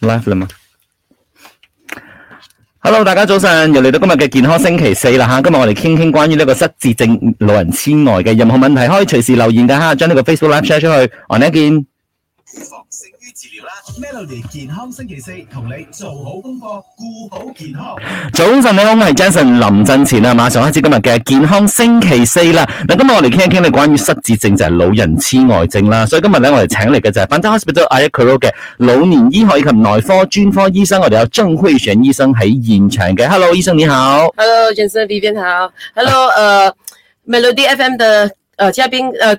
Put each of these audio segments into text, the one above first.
Live 咗嗎？Hello，大家早上又嚟到今日嘅健康星期四啦吓，今日我哋傾傾關於呢個失智症老人痴呆嘅任何問題，可以隨時留言嘅吓，將呢個 Facebook Live share 出去，我哋一見。Hmm. 治療啦，Melody 健康星期四同你做好功課，顧好健康。早晨你好，我係 Jason，臨陣前啊，馬上開始今日嘅健康星期四啦。嗱，今日我哋傾一傾，你關於失智症就係、是、老人痴呆症啦。所以今日咧，我哋請嚟嘅就係，Pantai Hospital Ayer Keroh 嘅老年醫學以及內科專科醫生，我哋有鄭慧璇醫生喺現場嘅。Hello，醫生你好。Hello，Jason，Vivian 你好。Hello，誒、uh，Melody FM 嘅。誒、uh, 嘉賓誒。Uh,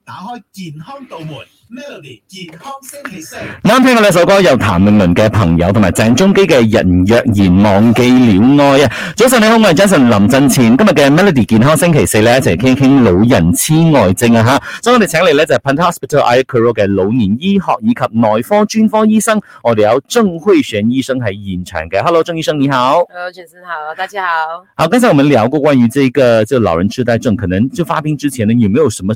打開健康道門，Melody 健康星期四。啱啱聽過兩首歌，有譚詠麟嘅《朋友》同埋鄭中基嘅《人若然忘記了愛》啊。早上你好，我係 Jason 林振前。今日嘅 Melody 健康星期四咧，一齊傾傾老人痴呆症啊吓。所以我哋請嚟咧就係、是、Pant Hospital Eye Care 嘅老年醫學以及內科專科醫生，我哋有曾慧賢醫生喺現場嘅。Hello，鄭醫生你好。Hello，主持好，大家好。好、啊，剛才我們聊過關於這個就、這個、老人痴呆症，可能就發病之前咧，有沒有什麼？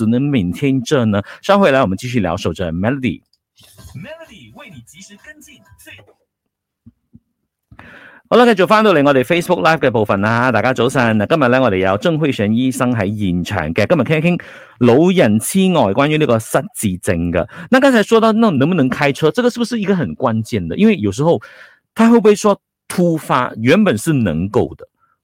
只能明天這呢？上回來我們繼續聊守着 melody。melody Mel 為你及時跟進。好啦，繼續返到嚟我哋 Facebook Live 嘅部分啦，大家早晨。今日咧我哋有鄭慧嫻醫生喺現場嘅，今日傾一傾老人痴呆關於呢個失智症嘅。那剛才說到，那能不能開車？這個是不是一個很關鍵的？因為有時候，他會不會說突發原本是能夠的？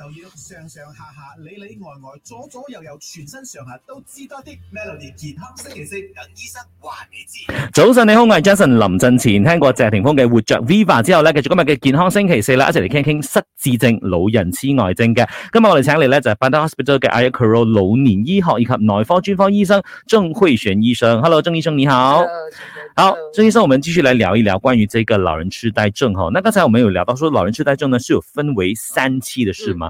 就要上上下下裏裏外外左左右右全身上下都知多啲 mel。Melody 健康星期四等醫生話你知。早上你好，我係 Jason。臨陣前聽過謝霆鋒嘅《活着》Viva 之後咧，繼續今日嘅健康星期四啦，一齊嚟傾一傾失智症、老人痴呆症嘅。今日我哋請嚟咧就係、是、Fanta Hospital 嘅 Ayako 老年醫學以及內科專科醫生鄭慧璇醫生。Hello，鄭醫生你好。Hello, 好，Hello. 鄭醫生，我們繼續嚟聊一聊關於這個老人痴呆症。哈，那剛才我們有聊到說，老人痴呆症呢，是有分為三期嘅，是嗎？嗯。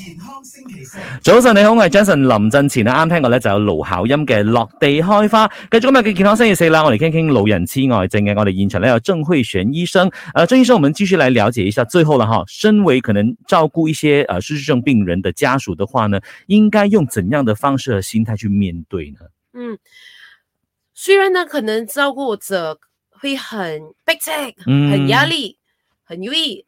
健康星期四，早晨你好，我係 Jason 林振前啊，啱聽過咧就有盧巧音嘅落地開花，繼續今日嘅健康星期四啦，我哋傾傾老人痴呆症嘅，我哋現場咧，有鄭慧璇醫生，誒，鄭醫生，我們繼續來了解一下最後啦，哈，身為可能照顧一些誒失智症病人的家屬的話呢，應該用怎樣的方式和心態去面對呢？嗯，雖然呢可能照顧者會很 backtrack 嗯，back，很壓力，很累。